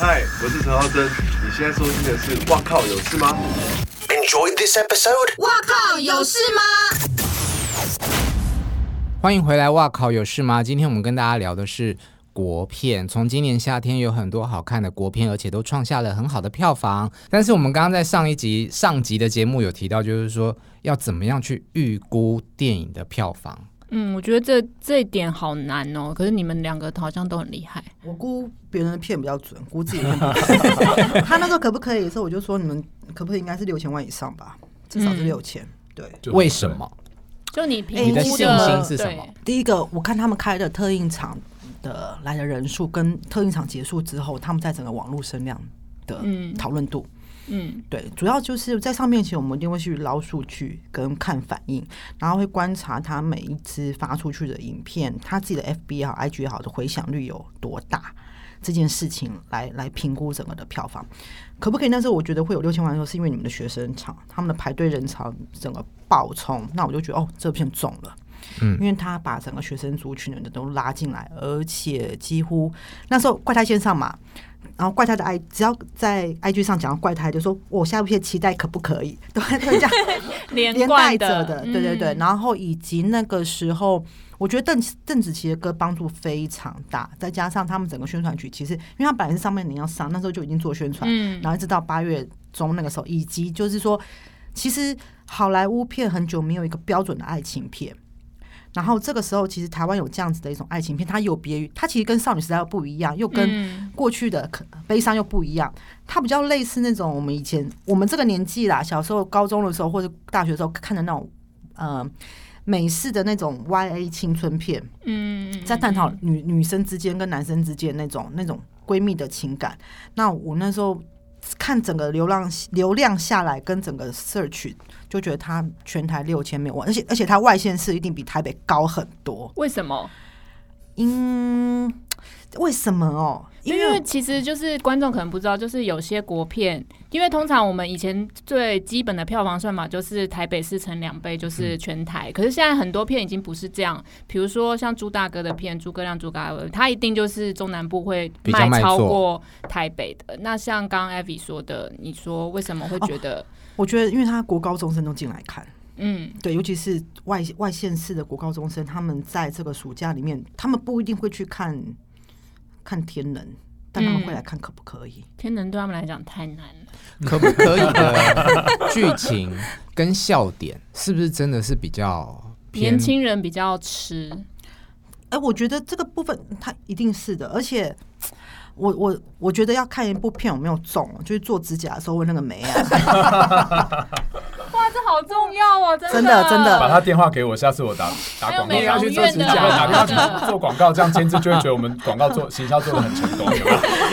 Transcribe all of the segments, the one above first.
嗨，我是陳浩生。你現在收聽的是《哇靠，有事嗎》。Enjoy this episode。哇靠，有事嗎？歡迎回來。哇靠，有事嗎？今天我們跟大家聊的是國片。從今年夏天有很多好看的國片，而且都創下了很好的票房。但是我們剛剛在上一集、上集的節目有提到，就是說要怎麼樣去預估電影的票房。嗯，我覺得這這一點好難哦。可是你們兩個好像都很厲害。我估別人的片比較準，估自己片比較準 他那時候可不可以的時候，所以我就說你們可不可以應該是六千萬以上吧，至少是六千、嗯。對，為什麼？就你評估的，欸、你的信心是什麼？第一個，我看他們開的特映場的來的人數，跟特映場結束之後，他們在整個網絡聲量的討論度。嗯嗯，對，主要就是在上面，其實我們一定會去撈數據跟看反應，然後會觀察他每一支發出去的影片，他自己的 FB 也好，IG 也好，的回響率有多大這件事情來來評估整個的票房，可不可以？那時候我覺得會有六千萬的時候，是因為你們的學生場他們的排隊人潮整個爆衝，那我就覺得哦，這片中了，嗯，因為他把整個學生族群的人都拉進來，而且幾乎那時候怪胎先上嘛。然後怪胎的 i，只要在 IG 上講怪胎，就說我下一部片期待可不可以？都在這樣 連連帶着的，對對對、嗯。然後以及那個時候，我覺得鄧鄧紫棋的歌幫助非常大，再加上他們整個宣傳曲，其實因為他本來是上半年要上，那時候就已經做宣傳，然後一直到八月中那個時候，以及就是說，其實好萊塢片很久沒有一個標準的愛情片。然後這個時候，其實台灣有這樣子的一種愛情片，它有別於它，其實跟少女時代又不一樣，又跟過去的悲傷又不一樣，嗯、它比較類似那種我們以前我們這個年紀啦，小時候、高中的時候或者大學的時候看的那種，呃，美式的那種 YA 青春片，嗯，在探討女女生之間跟男生之間那種那種閨蜜的情感。那我那時候看整個流量流量下來，跟整個社群。就覺得他全台六千萬，而且而且他外縣市一定比台北高很多。為什麼？因為什麼哦？因為,因為其實就是觀眾可能不知道，就是有些國片，因為通常我們以前最基本的票房算法就是台北市乘兩倍就是全台、嗯，可是現在很多片已經不是這樣。比如說像朱大哥的片豬哥亮，朱大哥他一定就是中南部會賣超過台北的。那像剛剛 Ivy 說的，你說為什麼會覺得、哦？我覺得，因為他國高中生都進來看，嗯，對，尤其是外外縣市的國高中生，他們在這個暑假裡面，他們不一定會去看看天人，但他們會來看可不可以？嗯、天人對他們來講太難了，可不可以的劇情跟笑點是不是真的是比較年輕人比較吃？哎、呃，我覺得這個部分他一定是的，而且。我我我覺得要看一部片，有沒有中，就是做指甲的時候問那個眉啊，哇，這好重要啊、喔！真的真的,真的，把他電話給我，下次我打打廣告，要、啊、去做指甲， 打電話去做廣告， 這樣監製就會覺得我們廣告做 行銷做的很成功， 因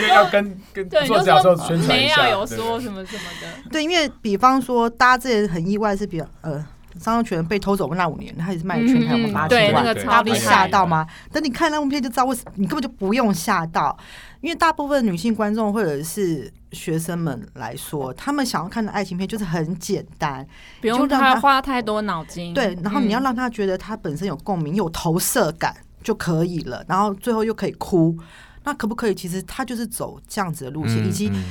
為要跟跟做指甲的時候宣傳一下， 就是、說沒有說什麼什麼的。對,對,對,對，因為比方說大家之前很意外是比較呃。張孝全被偷走的那五年，他也是賣全台、嗯、有八千萬？被嚇、那個、到嗎？等你看那部片就知道，為什麼你根本就不用嚇到，因為大部分女性觀眾或者是學生們來說，他們想要看的愛情片就是很簡單，嗯、她不用讓他花太多腦筋。對，然後你要讓他覺得他本身有共鳴、有投射感就可以了、嗯，然後最後又可以哭。那可不可以？其實他就是走這樣子的路線，以、嗯、及。嗯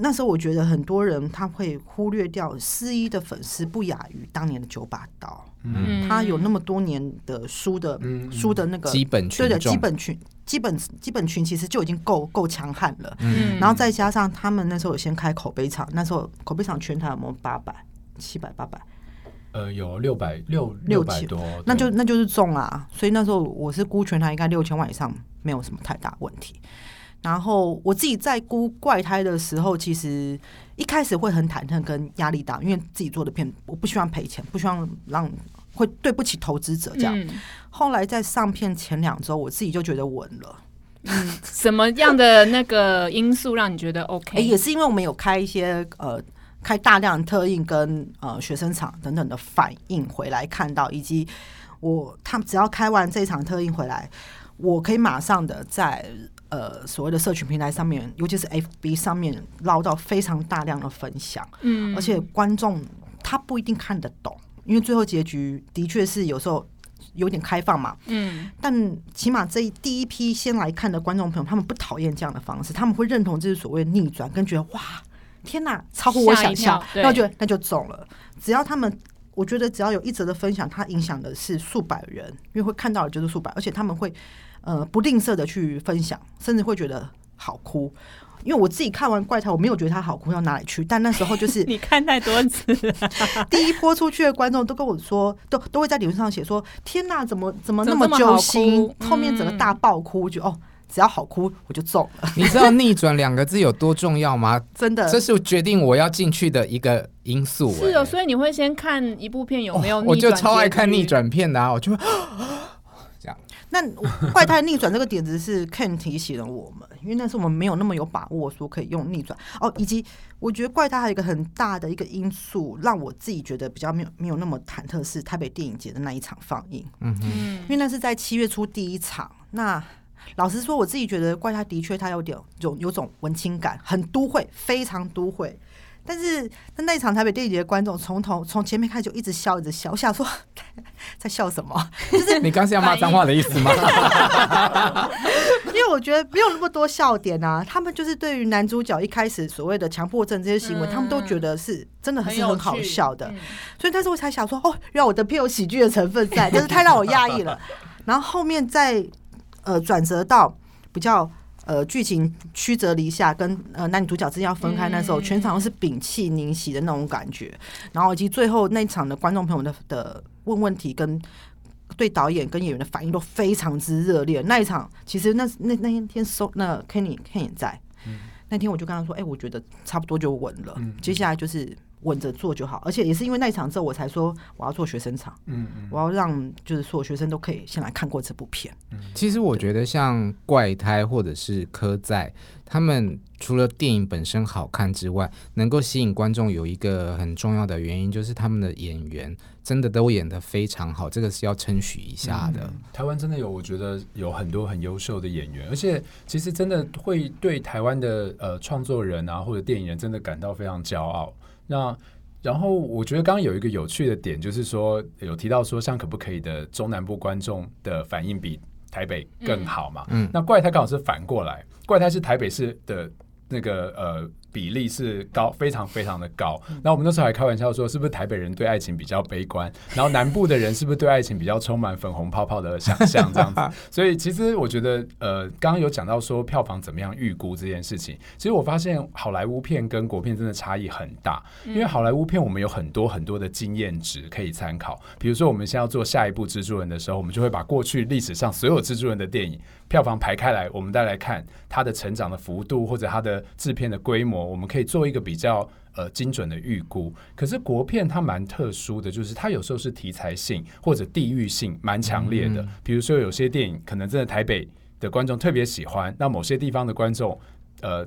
那時候我覺得很多人他會忽略掉肆一的粉絲不亞於當年的九把刀，嗯，他有那麼多年的書的、嗯、書的那個基本群對的基本群基本群基本基本群其實就已經夠夠強悍了，嗯，然後再加上他們那時候有先開口碑場，那時候口碑場全台有沒有八百七百八百，呃，有六百六六百多600，那，那就那就是中啦，啊，所以那時候我是估全台應該六千萬以上，沒有什麼太大問題。然後我自己在估怪胎的時候，其實一開始會很忐忑跟壓力大，因為自己做的片，我不希望賠錢，不希望讓會對不起投資者這樣。嗯、後來在上片前兩周，我自己就覺得穩了、嗯。什麼樣的那個因素讓你覺得 OK？ 欸、也是因為我們有開一些呃開大量特映跟呃學生場等等的反應回來看到，以及我他們只要開完這一場特映回來，我可以馬上的在。呃，所謂的社群平台上面，尤其是 FB 上面撈到非常大量的分享，嗯，而且觀眾他不一定看得懂，因為最後結局的確是有時候有點開放嘛，嗯，但起碼這一第一批先來看的觀眾朋友，他們不討厭這樣的方式，他們會認同這是所謂逆轉，跟覺得哇，天哪、啊，超乎我想象，那就那就中了。只要他們，我覺得只要有一則的分享，它影響的是數百人，因為會看到的就是數百，而且他們會。呃，不吝嗇的去分享，甚至會覺得好哭，因為我自己看完怪胎，我沒有覺得它好哭，到哪裡去？但那時候就是 你看太多次，第一波出去的觀眾都跟我說，都都會在理論上寫說，天哪，怎麼怎麼那麼揪心？後面整個大爆哭，我、嗯、哦，只要好哭我就中了。你知道“逆轉”兩個字有多重要嗎？ 真的，這是決定我要進去的一個因素、欸。是哦，所以你會先看一部片有沒有逆、哦？我就超愛看逆轉片的啊，我就。啊那 怪胎逆轉這個點子是 Ken 提醒了我們，因為那是我們沒有那麼有把握說可以用逆轉哦。以及我覺得怪胎還有一個很大的一個因素，讓我自己覺得比較沒有沒有那麼忐忑，是台北電影節的那一場放映。嗯嗯，因為那是在七月初第一場。那老實說，我自己覺得怪胎的確它有點種有，有種文青感，很都會，非常都會。但是他那一場台北電影節的觀眾從頭從前面開始就一直笑一直笑，我想說 在笑什麼？ 就是你剛是要罵髒話的意思嗎？ 因為我覺得沒有那麼多笑點啊，他們就是對於男主角一開始所謂的強迫症這些行為，嗯、他們都覺得是真的很很好笑的、嗯，所以但是我才想說哦，讓我的片有喜劇的成分在，就是太讓我壓抑了。然後後面再呃轉折到比較。呃，劇情曲折離下，跟呃男女主角之間要分開那時候，yeah. 全場都是屏氣凝息的那種感覺。然後以及最後那一場的觀眾朋友的的問問題跟對導演跟演員的反應都非常之熱烈。那一場其實那那那天收那 Kenny Kenny 也在，那天我就跟他說，哎、欸，我覺得差不多就穩了、嗯，接下來就是。穩着做就好，而且也是因為那一場之後，我才說我要做學生場。嗯，嗯，我要讓就是所有學生都可以先來看過這部片。嗯，其實我覺得像怪胎或者是刻在他們除了電影本身好看之外，能夠吸引觀眾有一個很重要的原因，就是他們的演員真的都演得非常好，這個是要稱許一下的。嗯，台灣真的有，我覺得有很多很優秀的演員，而且其實真的會對台灣的呃創作人啊或者電影人真的感到非常驕傲。那然後我覺得剛剛有一個有趣的點，就是說有提到說像可不可以的中南部觀眾的反應比台北更好嘛，嗯，那怪胎剛好是反過來，怪胎是台北市的那個呃。比例是高，非常非常的高。嗯、那我們那時候還開玩笑說，是不是台北人對愛情比較悲觀？然後南部的人是不是對愛情比較充滿粉紅泡泡的想象？這樣子。 所以其實我覺得，呃，剛剛有講到說票房怎麼樣預估這件事情。其實我發現好萊塢片跟國片真的差異很大，嗯，因為好萊塢片我們有很多很多的經驗值可以參考。比如說，我們現在要做下一部《蜘蛛人》的時候，我們就會把過去歷史上所有蜘蛛人的電影票房排開來，我們再來看它的成長的幅度或者它的製片的規模，我們可以做一個比較呃精準的預估。可是國片它蠻特殊的，就是它有時候是題材性或者地域性蠻強烈的、嗯。比如說有些電影可能真的台北的觀眾特別喜歡，那某些地方的觀眾呃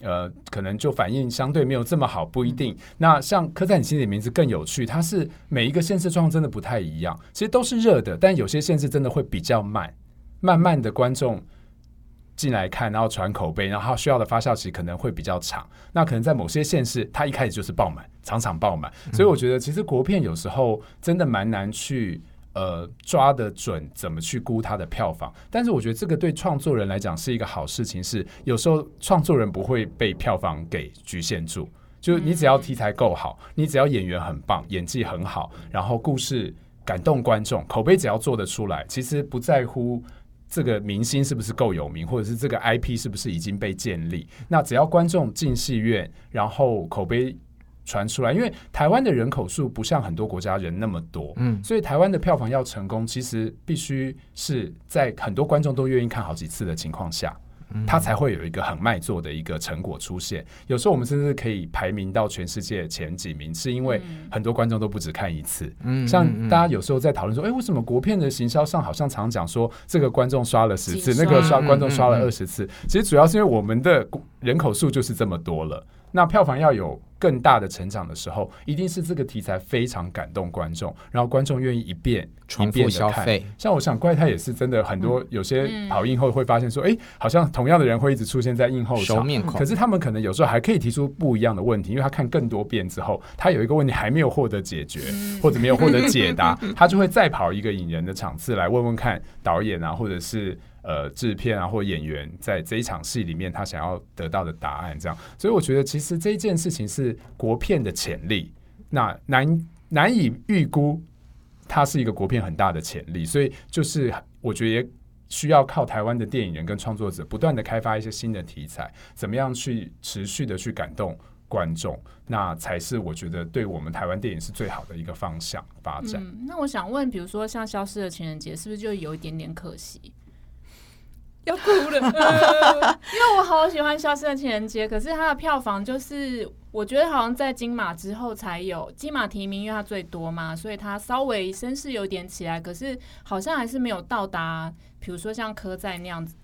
呃可能就反應相對沒有這麼好，不一定。嗯、那像《刻在你心底的名字》的名字更有趣，它是每一個現實狀況真的不太一樣，其實都是熱的，但有些現實真的會比較慢。慢慢的觀眾進來看，然後傳口碑，然後需要的發酵期可能會比較長。那可能在某些縣市，他一開始就是爆滿，場場爆滿。所以我覺得，其實國片有時候真的蠻難去呃抓得準，怎麼去估它的票房。但是我覺得，這個對創作人來講是一個好事情是，是有時候創作人不會被票房給侷限住。就是你只要題材夠好，你只要演員很棒，演技很好，然後故事感動觀眾，口碑只要做得出來，其實不在乎。這個明星是不是夠有名，或者是這個 IP 是不是已經被建立？那只要觀眾進戲院，然後口碑傳出來，因為台灣的人口數不像很多國家人那麼多，嗯，所以台灣的票房要成功，其實必須是在很多觀眾都願意看好幾次的情況下。它才會有一個很賣座的一個成果出現。有時候我們甚至可以排名到全世界前幾名，是因為很多觀眾都不止看一次。像大家有時候在討論說，哎，為什麼國片的行銷上好像常講說，這個觀眾刷了十次，那個刷觀眾刷了二十次？其實主要是因為我們的人口數就是這麼多了，那票房要有。更大的成長的時候，一定是這個題材非常感動觀眾，然後觀眾願意一遍一遍的看。像我想怪胎也是真的，很多有些跑映後會發現說，哎、欸，好像同樣的人會一直出現在映後場，可是他們可能有時候還可以提出不一樣的問題，因為他看更多遍之後，他有一個問題還沒有獲得解決， 或者沒有獲得解答，他就會再跑一個引人的場次來問問看導演啊，或者是。呃，製片啊，或演員在這一場戲裡面，他想要得到的答案，這樣，所以我覺得其實這件事情是國片的潛力，那難難以預估，它是一個國片很大的潛力，所以就是我覺得需要靠台灣的電影人跟創作者不斷的開發一些新的題材，怎麼樣去持續的去感動觀眾，那才是我覺得對我們台灣電影是最好的一個方向發展。嗯，那我想問，比如說像《消失的情人節》，是不是就有一點點可惜？ 要哭了，呃，因為我好喜歡《消失的情人節，》 可是它的票房就是我覺得好像在金馬之後才有，金馬提名因為它最多嘛，所以它稍微聲勢有點起來，可是好像還是沒有到達，比如說像刻在那樣子。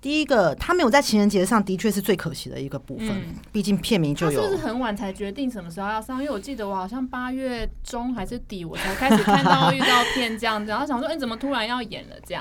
第一個，它沒有在情人節上的確是最可惜的一個部分，畢、嗯，竟片名就有。它是不是很晚才決定什麼時候要上？因為我記得我好像八月中還是底我才開始看到預告片這樣子， 然後想說，哎，嗯，怎麼突然要演了這樣？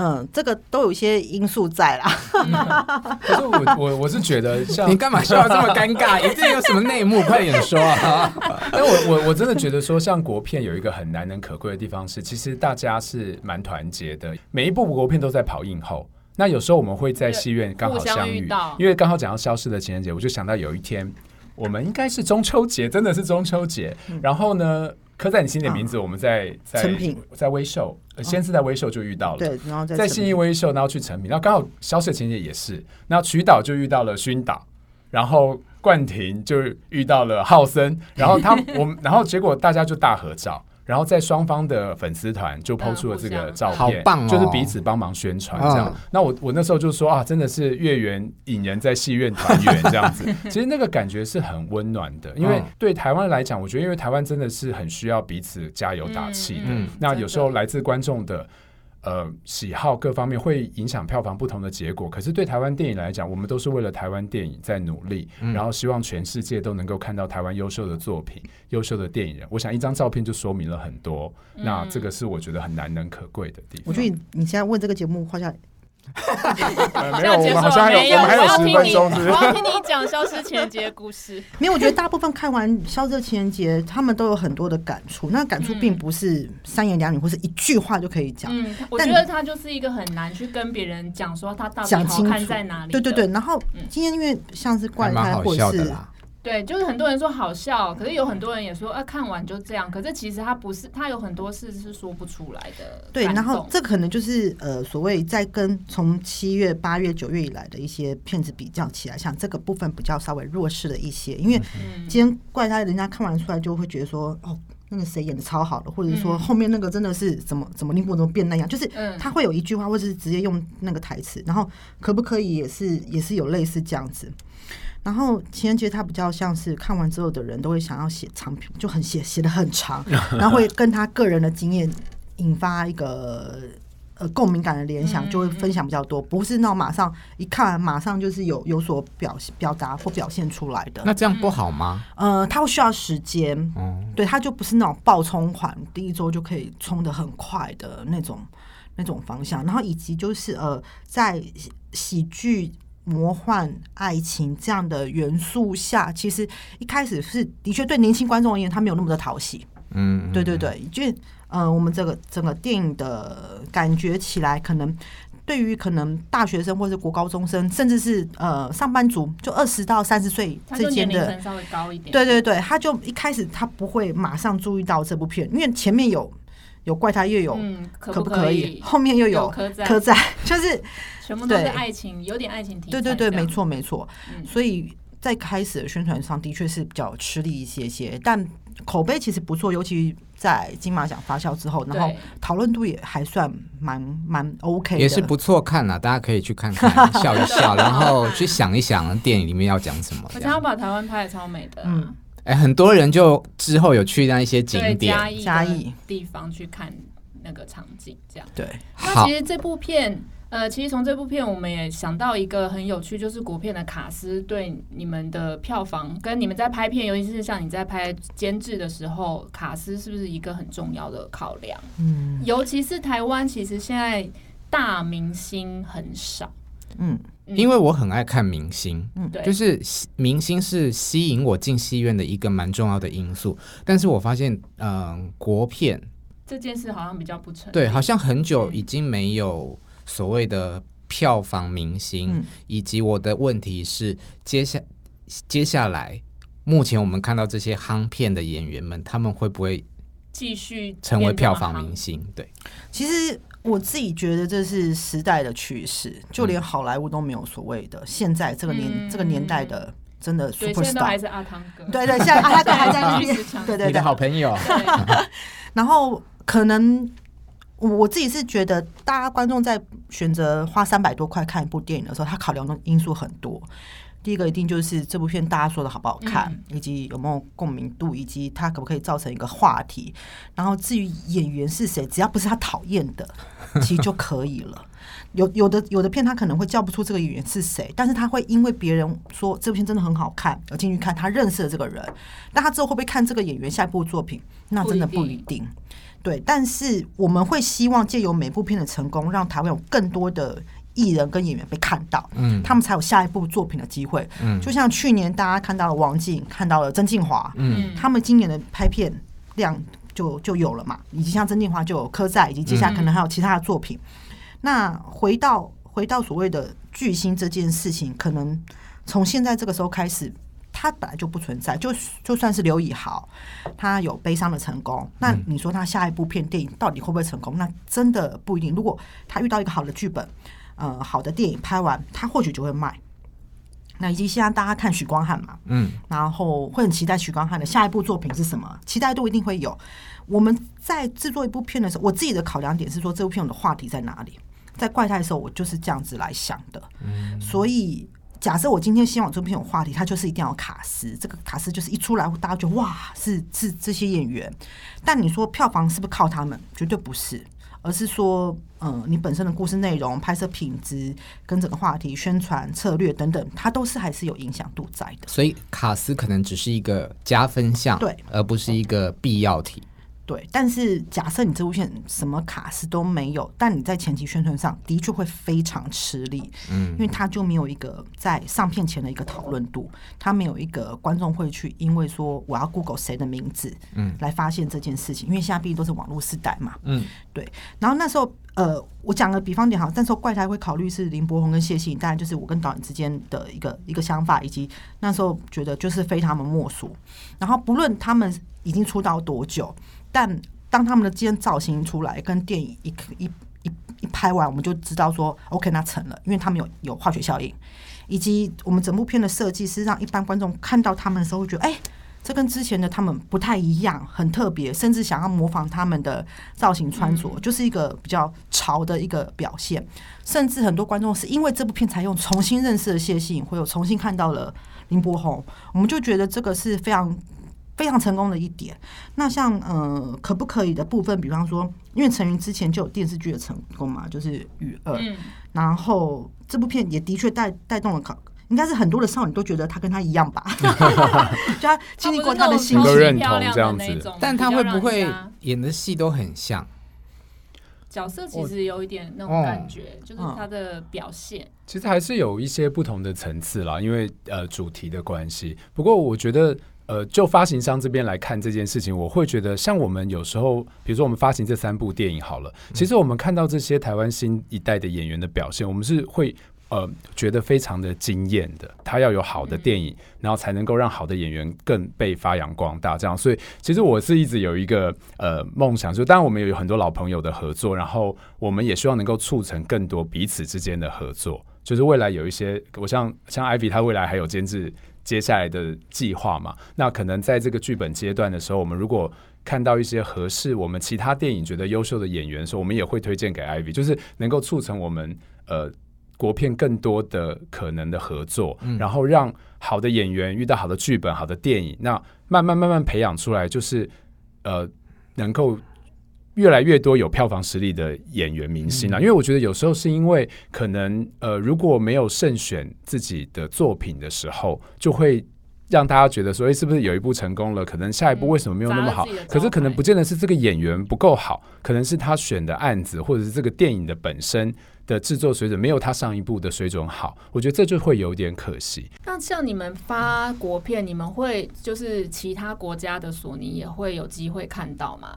嗯，這個都有一些因素在啦。嗯、可是我我我是覺得像，像 你幹嘛笑得這麼尷尬？一定有什麼內幕， 快點說啊！ 我我我真的覺得說，像國片有一個很難能可貴的地方是，其實大家是蠻團結的。每一部國片都在跑映後。那有時候我們會在戲院剛好相遇，相遇因為剛好講到消失的情人節，我就想到有一天，我們應該是中秋節，真的是中秋節、嗯。然後呢，刻在你心裡的名字，我們在、啊、誠品在在威秀，先是在威秀就遇到了，哦、然後在信義威秀，然後去誠品，然後剛好消失情人節也是，然後曲導就遇到了勳導，然後冠廷就遇到了浩森，然後他我們，然後結果大家就大合照。 然後在雙方的粉絲團就 PO 出了這個照片，就是彼此幫忙宣傳這樣。哦、那我我那時候就說啊，真的是月圓引人在戲院團圓這樣子。 其實那個感覺是很溫暖的，因為對台灣來講，我覺得因為台灣真的是很需要彼此加油打氣的。嗯、那有時候來自觀眾的。嗯呃，喜好各方面會影響票房不同的結果。可是對台灣電影來講，我們都是為了台灣電影在努力，嗯，然後希望全世界都能夠看到台灣優秀的作品，優秀的電影人。我想一張照片就說明了很多，嗯、那這個是我覺得很難能可貴的地方。我覺得你現在問這個節目，畫下來。沒有結束，沒有，還有十分鐘，我要聽你講消失情人節故事。 沒有，我覺得大部分看完消失情人節， 他們都有很多的感觸，那感觸並不是三言兩語、嗯、或是一句話就可以講。嗯，但，我覺得他就是一個很難去跟別人講說他到底想看在哪裡。對對對，然後今天因為像是怪胎，或者是。對，就是很多人說好笑，可是有很多人也說啊，看完就這樣。可是其實他不是，他有很多事是說不出來的。對，然後這可能就是呃，所謂在跟從七月、八月、九月以來的一些片子比較起來，像這個部分比較稍微弱勢的一些，因為今天怪,怪胎，人家看完出來就會覺得說，哦，那個誰演的超好的，或者說後面那個真的是怎麼、嗯、怎麼令不能變那樣，就是他會有一句話，或者是直接用那個台詞，然後可不可以也是也是有類似這樣子。然後情人節他比較像是看完之後的人都會想要寫長評，就很寫寫得很長， 然後會跟他個人的經驗引發一個呃共鳴感的聯想，就會分享比較多。不是那種馬上一看馬上就是有有所表表達或表現出來的，那這樣不好嗎？呃，他會需要時間，嗯、對，他就不是那種爆衝款，第一周就可以衝得很快的那種那種方向。然後以及就是呃，在喜劇。魔幻愛情這樣的元素下，其實一開始是的確對年輕觀眾而言，他沒有那麼的討喜。嗯哼哼，對對對，就呃，我們這個整個電影的感覺起來，可能對於可能大學生或者國高中生，甚至是呃上班族，就二十到三十歲之間的，稍微高一點。對對對，他就一開始他不會馬上注意到這部片，因為前面有。有怪胎，又有可不可以，、嗯、可不可以？後面又有刻在，有刻在 就是全部都是愛情， 有點愛情的。對，對對對，沒錯沒錯、嗯。所以在開始的宣傳上的確是比較吃力一些些，但口碑其實不錯，尤其在金馬獎發酵之後，然後討論度也還算蠻蠻 OK，也是不錯看了、啊，大家可以去看看， 笑一笑，然後去想一想電影裡面要講什麼。而且把台灣拍的超美的。嗯欸、很多人就之後有去那一些景點，嘉義的地方去看那個場景，這樣。對。那其實這部片，呃，其實從這部片，我們也想到一個很有趣，就是國片的卡司對你們的票房跟你們在拍片，尤其是像你在拍監製的時候，卡司是不是一個很重要的考量？嗯。尤其是台灣，其實現在大明星很少。嗯。因為我很愛看明星，嗯，對，就是明星是吸引我進戲院的一個蠻重要的因素。但是我發現，嗯、呃，國片這件事好像比較不成。對，好像很久已經沒有所謂的票房明星。嗯、以及我的問題是接，接下接下來，目前我們看到這些夯片的演員們，他們會不會繼續成為票房明星？對，其實。我自己覺得這是時代的趨勢，就連好萊塢都沒有所謂的、嗯。現在這個年、嗯、這個年代的，真的 super star，對對，現在是阿湯哥，對對對，阿湯還在那邊， 對、對、對、對對，你的好朋友。 然後，可能我自己是覺得，大家觀眾在選擇花三百多塊看一部電影的時候，他考量的因素很多。第一個一定就是這部片大家說的好不好看，以及有沒有共鳴度，以及它可不可以造成一個話題。然後至於演員是誰，只要不是他討厭的，其實就可以了。有有的有的片他可能會叫不出這個演員是誰，但是他會因為別人說這部片真的很好看而進去看，他認識了這個人。那他之後會不會看這個演員下一部作品，那真的不一定。對，但是我們會希望借由每部片的成功，讓台灣有更多的。藝人跟演員被看到，嗯，他們才有下一部作品的機會。嗯，就像去年大家看到了王淨，看到了曾敬驊，嗯，他們今年的拍片量就就有了嘛。以及像曾敬驊就有刻在，以及接下來可能還有其他的作品。嗯、那回到回到所謂的巨星這件事情，可能從現在這個時候開始，他本來就不存在。就就算是劉以豪，他有悲傷的成功，那你說他下一部片電影到底會不會成功？那真的不一定。如果他遇到一個好的劇本。呃，好的電影拍完，他或許就會賣。那以及現在大家看許光漢嘛，嗯，然後會很期待許光漢的下一部作品是什麼，期待度一定會有。我們在制作一部片的時候，我自己的考量點是說，這部片的話題在哪裡？在《怪胎》的時候，我就是這樣子來想的。嗯。所以假設我今天希望這部片有話題，它就是一定要卡司。這個卡司就是一出來，大家就哇，是是，是這些演員。但你說票房是不是靠他們？絕對不是。而是說，呃，你本身的故事內容、拍攝品質、跟整個話題、宣傳策略等等，它都是還是有影響度在的。所以，卡司可能只是一個加分項，對，而不是一個必要體。對，但是假設你這部片什麼卡司都沒有，但你在前期宣傳上的確會非常吃力，嗯，因為他就沒有一個在上片前的一個討論度，他沒有一個觀眾會去，因為說我要 Google 誰的名字，嗯，來發現這件事情，因為現在畢竟都是網絡時代嘛，嗯，對，然後那時候，呃，我講個比方點好，那時候怪胎會考慮是林柏宏跟謝欣，當然就是我跟導演之間的一個一個想法，以及那時候覺得就是非他們莫屬，然後不論他們已經出道多久。但當他們的今天造型出來，跟電影一一一一拍完，我們就知道說，OK，那成了，因為他們有有化學效應，以及我們整部片的設計是讓一般觀眾看到他們的時候，覺得哎、欸，這跟之前的他們不太一樣，很特別，甚至想要模仿他們的造型穿着、嗯，就是一個比較潮的一個表現。甚至很多觀眾是因為這部片才用重新認識了謝欣穎，或有重新看到了林柏宏，我們就覺得這個是非常。非常成功的一點。那像呃，可不可以的部分，比方說，因為陳妤之前就有電視劇的成功嘛，就是《與惡、嗯》，然後這部片也的確帶帶動了，應該是很多的少女都覺得他跟他一樣吧， 就經歷過他的心心，同樣的那種。但他會不會演的戲都很像？角色其實有一點那種感覺，哦、就是他的表現、嗯嗯，其實還是有一些不同的層次啦，因為呃主題的關係。不過我覺得。呃，就發行商這邊來看這件事情，我會覺得像我們有時候，比如說我們發行這三部電影好了，嗯、其實我們看到這些台灣新一代的演員的表現，我們是會呃覺得非常的驚艷的。他要有好的電影，然後才能夠讓好的演員更被發揚光大。這樣，所以其實我是一直有一個呃夢想，就當然我們也有很多老朋友的合作，然後我們也希望能夠促成更多彼此之間的合作。就是未來有一些，我像像 Ivy 她未來還有監制。接下來的計劃嘛，那可能在這個劇本階段的時候，我們如果看到一些合適我們其他電影覺得優秀的演員的時候，我們也會推薦給 Ivy，就是能夠促成我們呃國片更多的可能的合作，嗯，然後讓好的演員遇到好的劇本、好的電影，那慢慢慢慢培養出來，就是呃能夠。越來越多有票房實力的演員明星了，啊，嗯，因為我覺得有時候是因為可能呃，如果沒有慎選自己的作品的時候，就會讓大家覺得說，誒、欸，是不是有一部成功了，可能下一部為什麼沒有那麼好，嗯？可是可能不見得是這個演員不夠好，可能是他選的案子、嗯、或者是這個電影的本身的製作水準沒有他上一部的水準好。我覺得這就會有點可惜。那像你們發國片，嗯、你們會就是其他國家的索尼也會有機會看到嗎？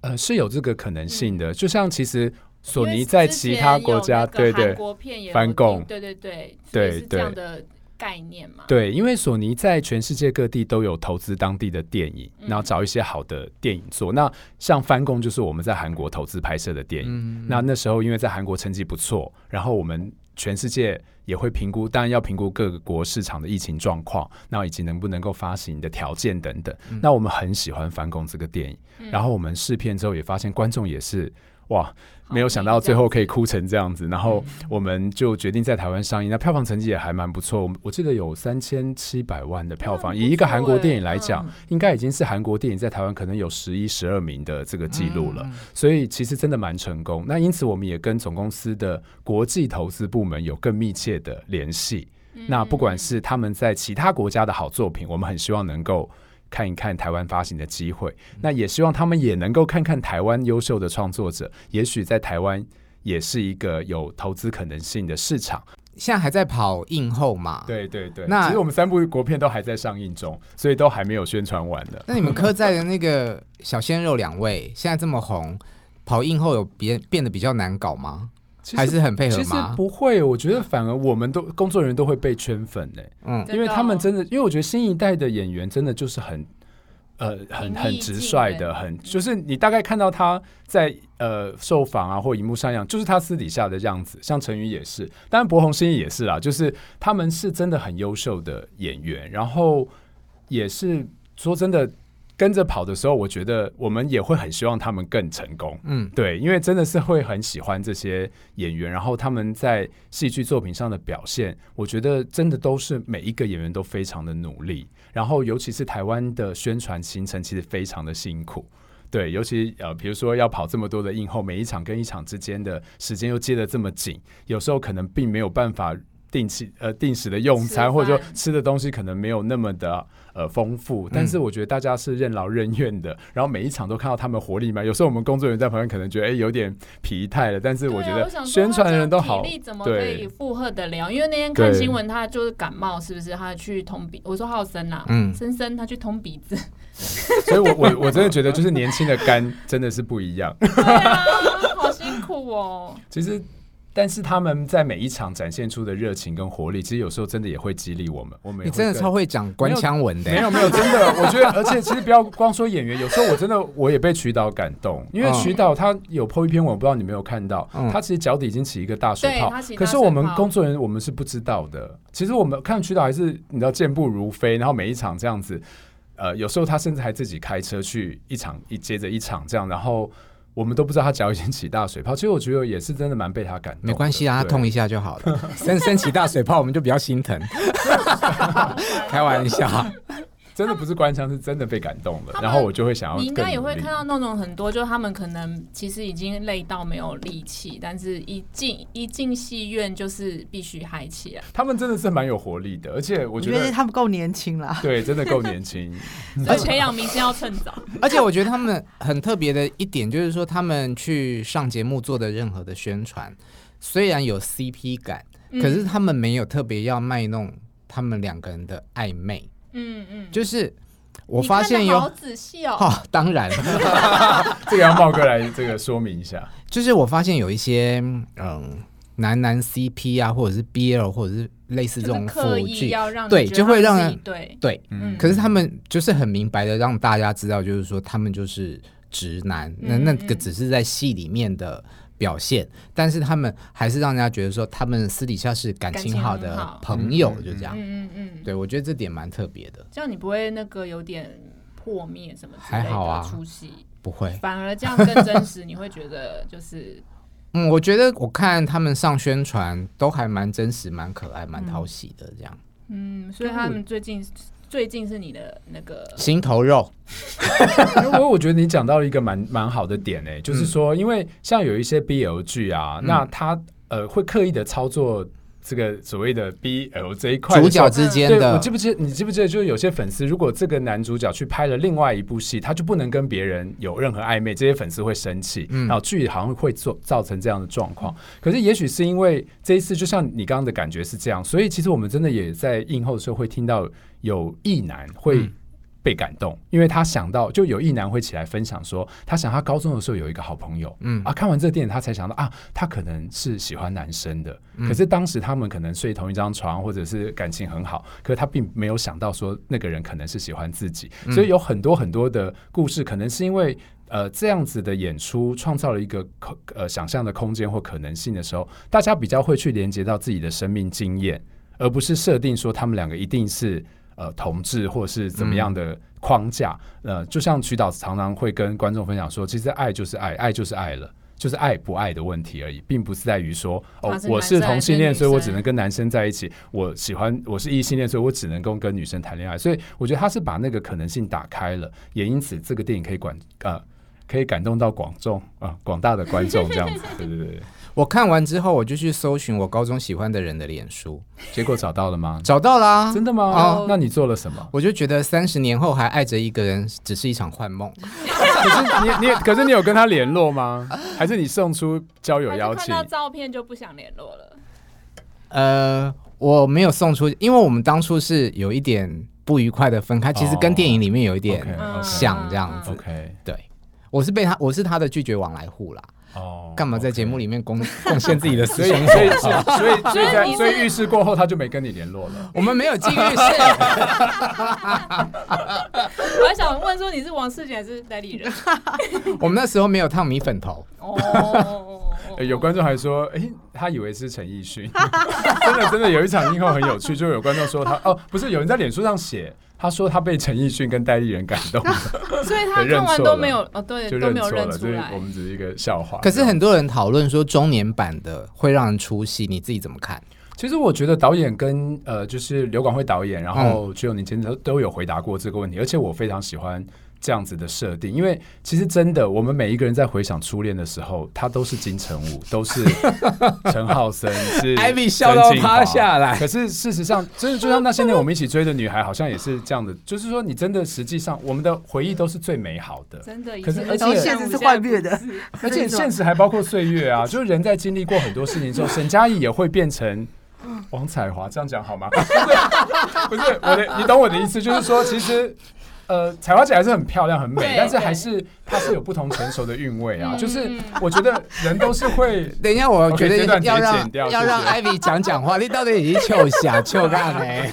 呃，是有這個可能性的、嗯，就像其實索尼在其他國家，對對，韓國片也翻供，對對對，對這樣的概念嘛？對，因為索尼在全世界各地都有投資當地的電影，然後找一些好的電影做、嗯。那像翻供就是我們在韓國投資拍攝的電影、嗯，那那時候因為在韓國成績不錯，然後我們全世界。也會評估，當然要評估各個國市場的疫情狀況，那以及能不能夠發行的條件等等，嗯。那我們很喜歡《反攻》這個電影，然後我們試片之後也發現觀眾也是。哇，沒有想到最後可以哭成這樣子，然後我們就決定在台灣上映。那票房成績也還蠻不錯，我記得有三千七百萬的票房，嗯、以一個韓國電影來講、嗯，應該已經是韓國電影在台灣可能有十一、十二名的這個記錄了、嗯。所以其實真的蠻成功。那因此我們也跟總公司的國際投資部門有更密切的聯繫。那不管是他們在其他國家的好作品，我們很希望能夠。看一看台灣發行的機會，那也希望他們也能夠看看台灣優秀的創作者，也許在台灣也是一個有投資可能性的市場。現在還在跑映後嘛？對對對，那其實我們三部國片都還在上映中，所以都還沒有宣傳完的。那你們刻在的那個小鮮肉兩位 現在這麼紅，跑映後有變變得比較難搞嗎？還是很配合嗎？其實不會，我覺得反而我們都工作人員都會被圈粉呢。嗯，因為他們真的，因為我覺得新一代的演員真的就是很，呃，很很直率的，很就是你大概看到他在呃受訪啊或熒幕上樣，就是他私底下的樣子，像陳宇也是，當然柏宏星也是啦，就是他們是真的很優秀的演員，然後也是說真的。跟着跑的時候，我覺得我們也會很希望他們更成功。嗯，對，因為真的是會很喜歡這些演員，然後他們在戲劇作品上的表現，我覺得真的都是每一個演員都非常的努力。然後尤其是台灣的宣傳行程，其實非常的辛苦。對，尤其呃，比如說要跑這麼多的映後，每一場跟一場之間的時間又接得這麼緊，有時候可能並沒有辦法。定期呃，定時的用餐，或者說吃的東西可能沒有那麼的呃豐富、嗯，但是我覺得大家是任勞任怨的，然後每一場都看到他們活力嘛。有時候我們工作人員在旁邊可能覺得哎、欸、有點疲態了，但是我覺得宣傳的人都好，對，負荷得了。因為那天看新聞，他就是感冒，是不是？他去捅鼻，我說昊森吶，嗯，森森他去捅鼻子，所以我我我真的覺得就是年輕的肝真的是不一樣，啊、好辛苦哦。其實。但是他們在每一場展現出的熱情跟活力，其實有時候真的也會激勵我們。我們你、欸、真的超會講官腔文的、欸，沒有沒有，真的， 我覺得，而且其實不要光說演員，有時候我真的我也被渠導感動、嗯，因為渠導他有 PO 一篇文，我不知道你沒有看到，嗯、他其實腳底已經起一個大水泡大，可是我們工作人員我們是不知道的。其實我們看渠導還是你知道健步如飛，然後每一場這樣子，呃，有時候他甚至還自己開車去一場一接着一場這樣，然後。我們都不知道他腳已經起大水泡，所以我覺得也是真的蠻被他感動。沒關係啊，他痛一下就好了。先 生，生起大水泡，我們就比較心疼。 開玩笑。真的不是官腔，是真的被感動了，然後我就會想要。你應該也會看到那種很多，就是他們可能其實已經累到沒有力氣，但是一進一進戲院就是必須嗨起來。他們真的是蠻有活力的，而且我覺得，我覺得他們夠年輕了，對，真的夠年輕。 而且培養明星要趁早。 而且我覺得他們很特別的一點就是說，他們去上節目做的任何的宣傳，雖然有 CP 感，嗯，可是他們沒有特別要賣弄他們兩個人的曖昧。嗯嗯，就是我發現有，好仔細哦，哦當然，這個要帽哥來這個說明一下。就是我發現有一些嗯男男 CP 啊，或者是 BL，或者是類似這種 4G, 這刻意對,對，就會讓人對對、嗯。可是他們就是很明白的讓大家知道，就是說他們就是直男，嗯嗯那那個只是在戲裡面的。嗯嗯表現，但是他們還是讓人家覺得說，他們私底下是感情好的朋友，就這樣。嗯嗯嗯，對我覺得這點蠻特別的。這樣你不會那個有點破滅什麼之類的出戲？還好啊，不會，反而這樣更真實。 你會覺得就是，嗯，我覺得我看他們上宣傳都還蠻真實、蠻可愛、蠻討喜的，這樣嗯。嗯，所以他們最近。最近是你的那個心頭肉 ，因為我覺得你講到了一個蠻蠻好的點誒、欸嗯，就是說，因為像有一些 BL 劇啊、嗯，那他呃會刻意的操作這個所謂的 BL 這一塊主角之間的，對，你記不記得？你記不記得？就是有些粉絲如果這個男主角去拍了另外一部戲，他就不能跟別人有任何曖昧，這些粉絲會生氣、嗯，然後劇好像會做造成這樣的狀況。可是也許是因為這一次，就像你剛剛的感覺是這樣，所以其實我們真的也在映後的時候會聽到。有異男會被感動，嗯、因為他想到就有異男會起來分享說，他想他高中的時候有一個好朋友，嗯啊，看完這個電影他才想到啊，他可能是喜歡男生的，嗯，可是當時他們可能睡同一張床或者是感情很好，可是他並沒有想到說那個人可能是喜歡自己，嗯，所以有很多很多的故事，可能是因為呃這樣子的演出創造了一個空呃想象的空間或可能性的時候，大家比較會去連接到自己的生命經驗，而不是設定說他們兩個一定是。呃，同志或者是怎麼樣的框架，嗯，呃，就像曲導常常會跟觀眾分享說，其實愛就是愛，愛就是愛了，就是愛不愛的問題而已，並不是在於說，哦，我是同性戀，所以我只能跟男生在一起，我喜歡，我是異性戀，所以我只能夠跟女生談戀愛，嗯。所以，我覺得他是把那個可能性打開了，也因此這個電影可以管呃，可以感動到廣眾啊，呃，廣大的觀眾這樣子， 對，對對對。我看完之後，我就去搜尋我高中喜歡的人的臉書，結果找到了嗎？找到啦、啊！真的嗎？啊、oh，那你做了什麼？我就覺得三十年後還愛着一個人，只是一場幻夢。 可是你你，可是你有跟他聯絡嗎？ 還是你送出交友邀請？看到照片就不想聯絡了。呃，我沒有送出，因為我們當初是有一點不愉快的分開，其實跟電影裡面有一點像這樣子。Oh, okay, okay, okay. 對，我是被他，我是他的拒絕往來戶啦。幹、oh, okay. 嘛，在節目裡面貢獻自己的事情？ 所以，所以，所以在，所以浴室過後他就沒跟你聯絡了。 我們沒有進浴室。 我還想問說你是王世杰還是代理人？ 我們那時候沒有燙米粉頭。哦、oh。有觀眾還說，哎，他以為是陳奕迅， 真的真的有一場映後很有趣，就有觀眾說他哦，不是有人在臉書上寫，他說他被陳奕迅跟戴立忍感動，所以他認錯了，都沒有，哦對就，都沒認出來，所以我們只是一個笑話。可是很多人討論說中年版的會讓人出戲，你自己怎麼看？其實我覺得導演跟呃，就是柳廣輝導演，然後只有你今天都都有回答過這個問題，而且我非常喜歡。這樣子的設定，因為其實真的，我們每一個人在回想初戀的時候，他都是金城武， 都是陳昊森，是艾米笑到趴下來。 可是事實上，真的就是就像那些年我們一起追的女孩，好像也是這樣的。 就是說，你真的實際上，我們的回憶都是最美好的。真的，可是而且現實是幻滅的，而且現實還包括歲月啊。 就是人在經歷過很多事情之後， 沈佳宜也會變成王彩華。這樣講好嗎？ 不是，不是，我的，你懂我的意思，就是說，其實。呃，彩樺姐還是很漂亮，很美，對對對，但是還是她是有不同成熟的韻味啊、 嗯。就是我覺得人都是會 等一下，我覺得要讓 okay, 段剪掉謝謝，要讓 Ivy 講講話， 你到底你是秋霞，秋 幹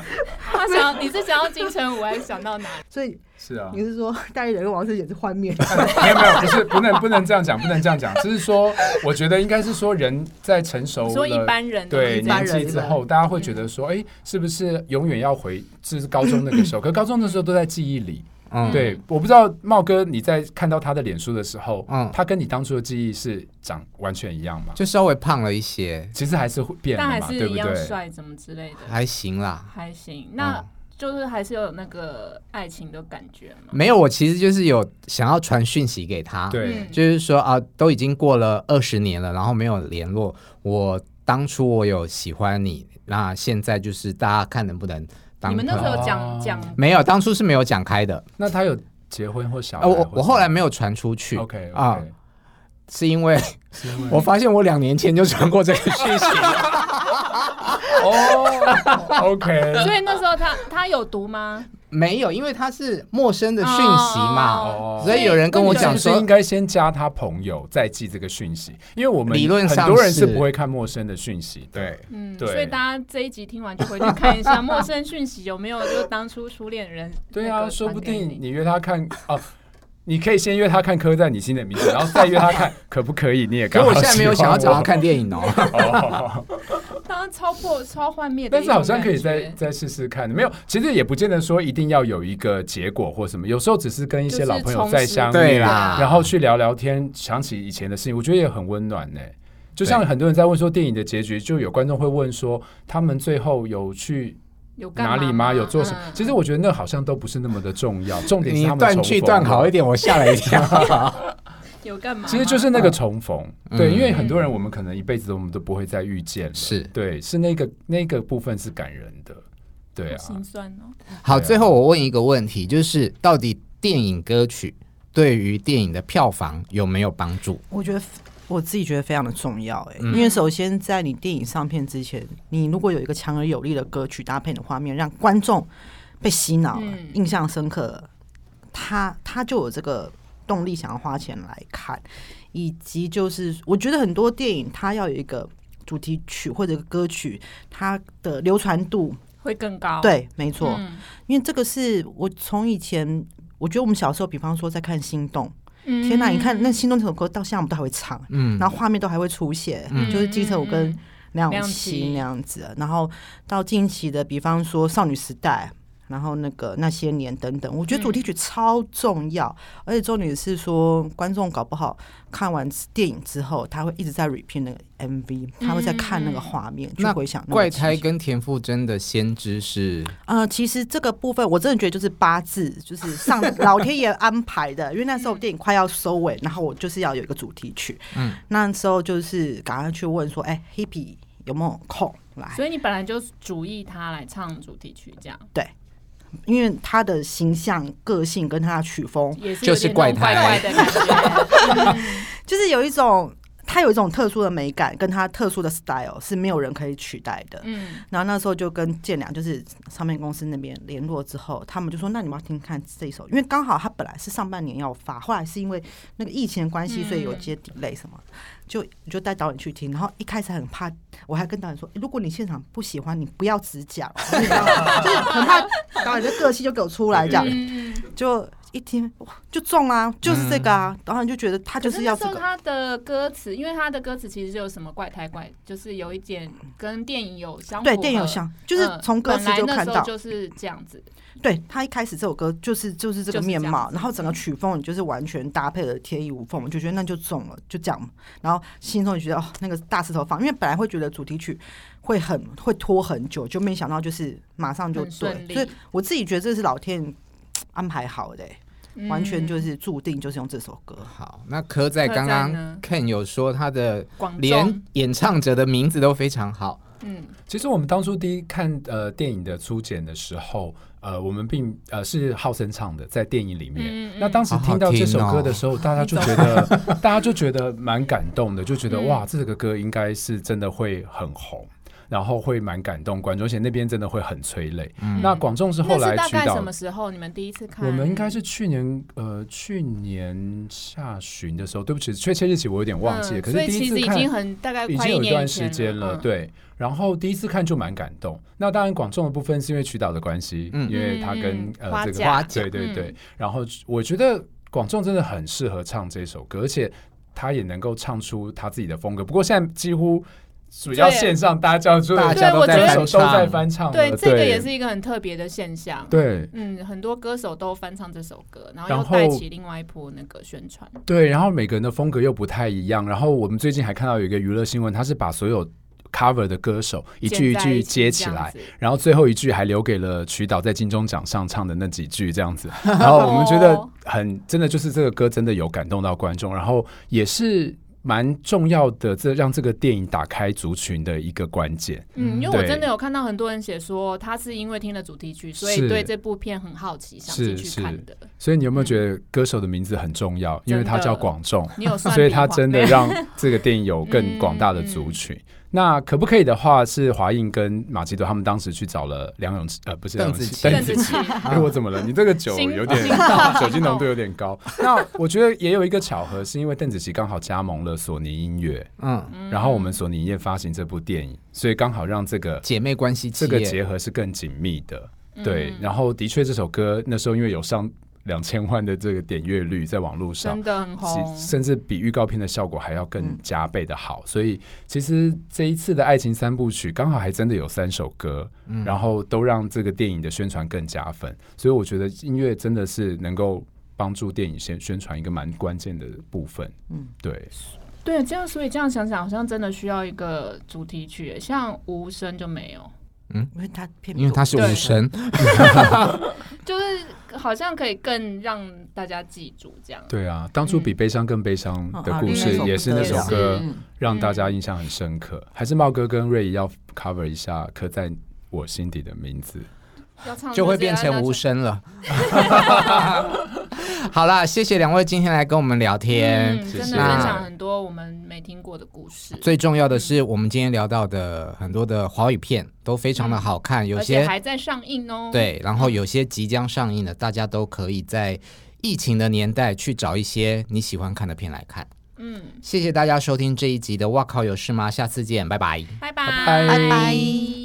他想你是想要金城武， 我還是想到哪裡所以。是啊，你是說大一姐王詩姐是換面？沒有沒有，不是，不能不能這樣講，不能這樣講。只是說，我覺得應該是說，人在成熟，說一般人對年紀之後，大家會覺得說，哎，是不是永遠要回就是，是高中那個時候？可高中的時候都在記憶裡。對，我不知道帽哥你在看到他的臉書的時候，嗯，他跟你當初的記憶是長完全一樣嗎？就稍微胖了一些，其實還是會變的嘛，對不對？一樣帥，怎麼之類的？還行啦，還行。那、嗯。就是還是有那個愛情的感覺嗎？沒有，我其實就是有想要傳訊息給他，對，就是說啊，都已經過了二十年了，然後沒有聯絡。我當初我有喜歡你，那現在就是大家看能不能當。你們那時候講講、啊、沒有？當初是沒有講開的。那他有結婚或小孩或、啊？我我後來沒有傳出去。OK, okay. 啊，是因為，是因為我發現我兩年前就傳過這個訊息。 哦、oh，OK。 所以那時候他他有讀嗎？ 沒有，因為他是陌生的訊息嘛，oh, oh, oh, oh. 所以有人跟我講說是不是應該先加他朋友再寄這個訊息，因為我們理論上是不會看陌生的訊息的對。對，嗯，所以大家這一集聽完就回去看一下陌生訊息有沒有，就當初初戀人。 對啊，說不定你約他看哦。啊你可以先約他看《刻在你心的名字》，然後再約他看， 可不可以？你也剛好。所以我現在沒有想要找他看電影哦。當然 超破超幻滅。但是好像可以再再試試看，嗯，沒有，其實也不見得說一定要有一個結果或什麼，有時候只是跟一些老朋友再相遇，就是，然後去聊聊天，想起以前的事情，我覺得也很溫暖呢。就像很多人在問說電影的結局，就有觀眾會問說，他們最後有去。有幹嘛、啊、哪裡嗎？有做什麼、嗯？其實我覺得那好像都不是那麼的重要。嗯、重點是他們重逢的。你斷句斷好一點，我嚇了一下。 有幹嘛？其實就是那個重逢、嗯，對，因為很多人我們可能一輩子我們都不會再遇見了。是對，是那個那個部分是感人的，對啊，心酸哦。好，最後我問一個問題，就是到底電影歌曲對於電影的票房有沒有幫助？我覺得。我自己覺得非常的重要哎、欸嗯，因為首先在你電影上片之前，你如果有一個強而有力的歌曲搭配你的畫面，讓觀眾被洗腦了、印象深刻、嗯，他他就有這個動力想要花錢來看，以及就是我覺得很多電影它要有一個主題曲或者歌曲，它的流傳度會更高。對，沒錯、嗯，因為這個是我從以前我覺得我們小時候，比方說在看《心動》。天吶，你看那《心動》這首歌到現在我們都還會唱，嗯、然後畫面都還會出現，嗯嗯、就是金城武跟梁詠琪那樣子、嗯，然後到近期的，比方說少女時代。然後那個，那些年等等，我覺得主題曲超重要，嗯、而且重點是說，觀眾搞不好看完電影之後，他會一直在 repeat 那個 MV，嗯、他會在看那個畫面去回想那個。那怪胎跟田馥甄的《先知》是，呃、其實這個部分我真的覺得就是八字，就是上 老天爺安排的，因為那時候電影快要收尾，嗯，然後我就是要有一個主題曲，嗯、那時候就是趕快去問說，哎 Hebe 有沒有空來？所以你本來就是主意他來唱主題曲，這樣對。因為他的形象、個性跟他的曲風，就是怪怪的 就是有一種他有一種特殊的美感，跟他特殊的 style 是沒有人可以取代的。嗯，然後那時候就跟建良就是唱片公司那邊聯絡之後，他們就說：“那你們要聽聽看這一首，因為剛好他本來是上半年要發，後來是因為那個疫情的關係，所以有些 delay 什麼。”就你就帶導演去聽，然後一開始很怕，我還跟導演說、欸，如果你現場不喜歡，你不要直講， 就是很怕導演的個性就給我出來這樣。 就一聽就中啊，就是這個啊、嗯，導演就覺得他就是要這個。他的歌詞，因為他的歌詞其實就有什麼怪胎怪，就是有一點跟電影有相。對，電影有相，就是從歌詞就看到。呃、就是這樣子。對他一開始這首歌就是就是這個面貌、就是，然後整個曲風就是完全搭配的天衣無縫，嗯、我就覺得那就中了，就這樣。然後心中也覺得、哦、那個大石頭放，因為本來會覺得主題曲會很會拖很久，就沒想到就是馬上就對。所以我自己覺得這是老天安排好的、欸嗯，完全就是注定就是用這首歌好、嗯。好，那刻在剛剛 Ken 有說他的連演唱者的名字都非常好。嗯，其實我們當初第一看呃電影的初剪的時候。呃，我們並呃是浩森唱的，在電影裡面，嗯。那當時聽到這首歌的時候，好好聽哦，大家就覺得， 大家就覺得蠻感動的，就覺得哇，這首，個，歌應該是真的會很紅。然後會蠻感動觀，而且那邊真的會很催淚。嗯、那廣仲是後來瞿導，大概什麼時候你們第一次看？我們應該是去年，呃，去年下旬的時候。對不起，確切日期我有點忘記了。嗯、可是第一次看已經很大概快了已經有一段時間了、嗯。對，然後第一次看就蠻感動。那當然廣仲的部分是因為瞿導的關係、嗯，因為他跟、嗯、呃花這個對對對、嗯。然後我覺得廣仲真的很適合唱這首歌，而且他也能夠唱出他自己的風格。不過現在幾乎。主要線上大家叫出，大家都在都在翻唱，對，唱對，這個也是一個很特別的現象。對，嗯，很多歌手都翻唱這首歌，然後又帶起另外一波那個宣傳。對，然後每個人的風格又不太一樣。然後我們最近還看到有一個娛樂新聞，他是把所有 cover 的歌手一句一句，一句接起來起，然後最後一句還留給了曲導在金鐘獎上唱的那幾句這樣子、哦。然後我們覺得很，真的就是這個歌真的有感動到觀眾，然後也是。蠻重要的，這讓這個電影打開族群的一個關鍵。嗯，因為我真的有看到很多人寫說，他是因為聽了主題曲，所以對這部片很好奇，是想繼續看的。所以你有沒有覺得歌手的名字很重要？嗯、因為他叫廣仲，的 你有，所以他真的讓這個電影有更廣大的族群。 嗯嗯那可不可以的話是華映跟馬吉多他們當時去找了梁詠，呃不是梁詠琪，鄧紫棋，啊欸、我怎麼了？你這個酒有點酒精濃度有點高、啊。那我覺得也有一個巧合，是因為鄧紫棋剛好加盟了索尼音樂，嗯，然後我們索尼音樂發行這部電影，所以剛好讓這個姐妹關係這個結合是更緊密的，對。然後的確這首歌那時候因為有上。兩千萬的這個點閱率在網絡上，真的很紅，甚至比預告片的效果還要更加倍的好，嗯。所以其實這一次的愛情三部曲剛好還真的有三首歌，嗯，然後都讓這個電影的宣傳更加分。所以我覺得音樂真的是能夠幫助電影宣宣傳一個蠻關鍵的部分。嗯，對，對，這樣所以這樣想想，好像真的需要一個主題曲，像無聲就沒有。嗯，因為他因為他是無聲， 就是好像可以更讓大家記住這樣。對啊，當初比悲傷更悲傷的故事，也是那首歌讓大家印象很深刻。還是茂哥跟瑞要 cover 一下《刻在我心底的名字》，就會變成無聲了。 好啦，謝謝兩位今天來跟我們聊天，嗯、是是真的分享很多我們沒聽過的故事。最重要的是，我們今天聊到的很多的華語片都非常的好看，嗯、有些而且還在上映哦！對，然後有些即將上映的，大家都可以在疫情的年代去找一些你喜歡看的片來看。嗯，謝謝大家收聽這一集的《哇靠有事嗎》，下次見，拜拜，拜拜，拜拜。Bye bye